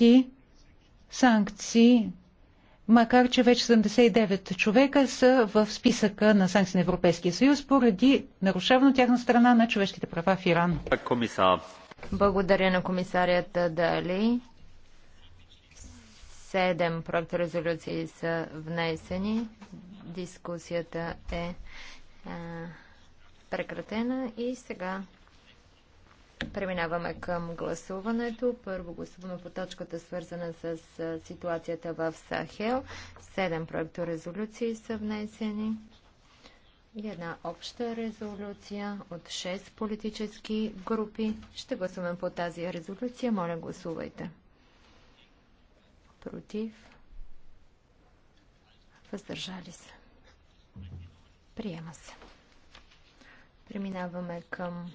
тежки санкции, макар че вече 79 човека са в списъка на санкции на Европейския съюз поради нарушаване от тяхна страна на човешките права в Иран. Комисар. Благодаря на комисарията Дали. Седем проекта резолюции са внесени. Дискусията е а, прекратена и сега Преминаваме към гласуването. Първо гласуваме по точката свързана с ситуацията в Сахел. Седем проекто резолюции са внесени. И една обща резолюция от 6 политически групи. Ще гласуваме по тази резолюция. Моля, гласувайте. Против. Въздържали се. Приема се. Преминаваме към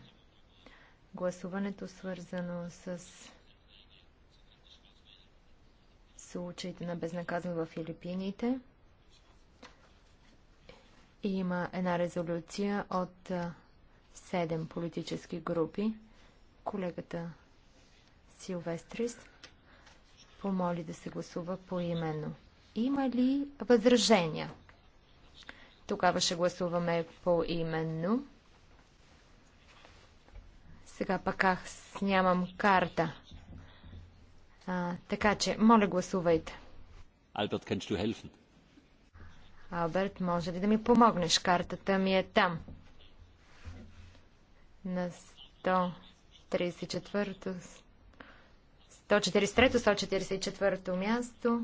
гласуването, свързано с случаите на безнаказан в Филипините. И има една резолюция от седем политически групи. Колегата Силвестрис помоли да се гласува поименно. Има ли възражения? Тогава ще гласуваме поименно. Сега пък аз нямам карта. А, така че, моля гласувайте. Алберт, kannst Алберт, може ли да ми помогнеш? Картата ми е там. На 134-то, 143-то, 144-то място.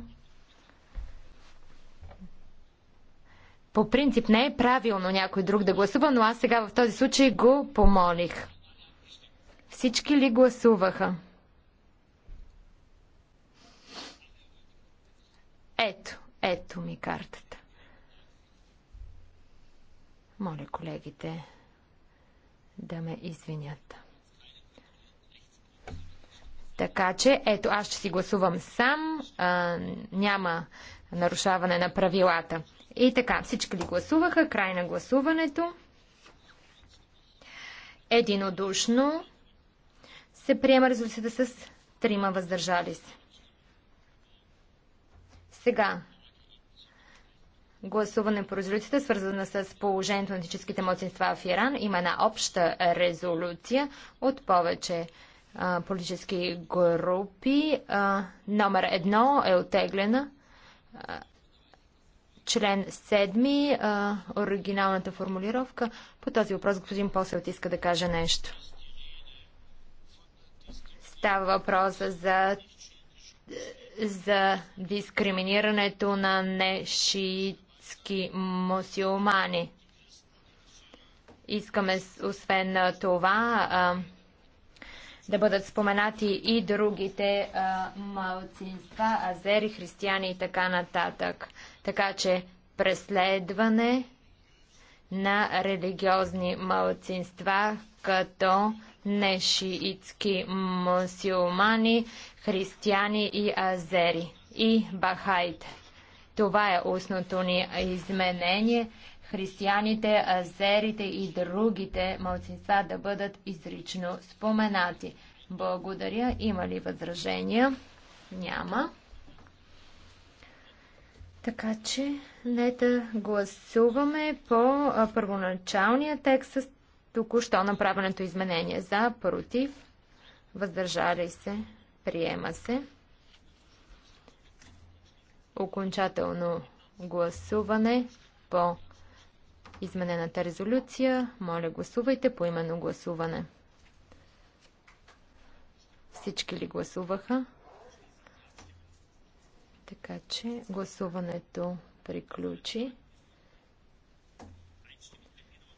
По принцип не е правилно някой друг да гласува, но аз сега в този случай го помолих. Всички ли гласуваха? Ето, ето ми картата. Моля колегите да ме извинят. Така че, ето, аз ще си гласувам сам. А, няма нарушаване на правилата. И така, всички ли гласуваха? Край на гласуването. Единодушно се приема резолюцията с трима въздържали се. Сега гласуване по резолюцията, свързана с положението на етническите младсинства в Иран. Има една обща резолюция от повече а, политически групи. А, номер едно е отеглена. А, член 7, оригиналната формулировка. По този въпрос господин Посел иска да каже нещо. Става въпрос за, за дискриминирането на нешиитски мусулмани. Искаме, освен това, да бъдат споменати и другите малцинства, азери, християни и така нататък. Така че преследване на религиозни малцинства, като нешиитски мусулмани, християни и азери и Бахайте, Това е устното ни изменение християните, азерите и другите малцинства да бъдат изрично споменати. Благодаря. Има ли възражения? Няма. Така че, не да гласуваме по първоначалния текст с току-що направеното изменение. За, против, въздържали се, приема се. Окончателно гласуване по изменената резолюция. Моля, гласувайте по именно гласуване. Всички ли гласуваха? Така че гласуването приключи.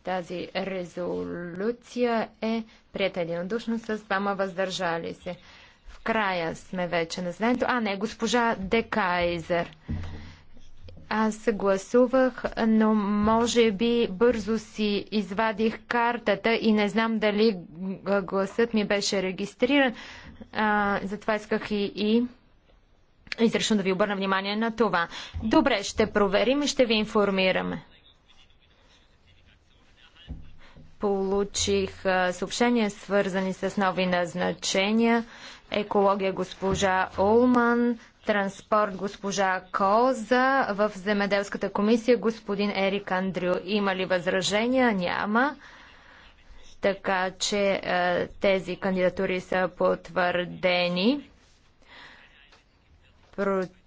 Тази резолюция е прията единодушно с двама въздържали се. В края сме вече на знанието. А, не, госпожа Декайзер. Аз гласувах, но може би бързо си извадих картата и не знам дали гласът ми беше регистриран. А, затова исках и, и Изрешно да ви обърна внимание на това. Добре, ще проверим и ще ви информираме. Получих съобщения, свързани с нови назначения. Екология госпожа Олман, транспорт госпожа Коза, в земеделската комисия господин Ерик Андрю. Има ли възражения? Няма. Така че тези кандидатури са потвърдени против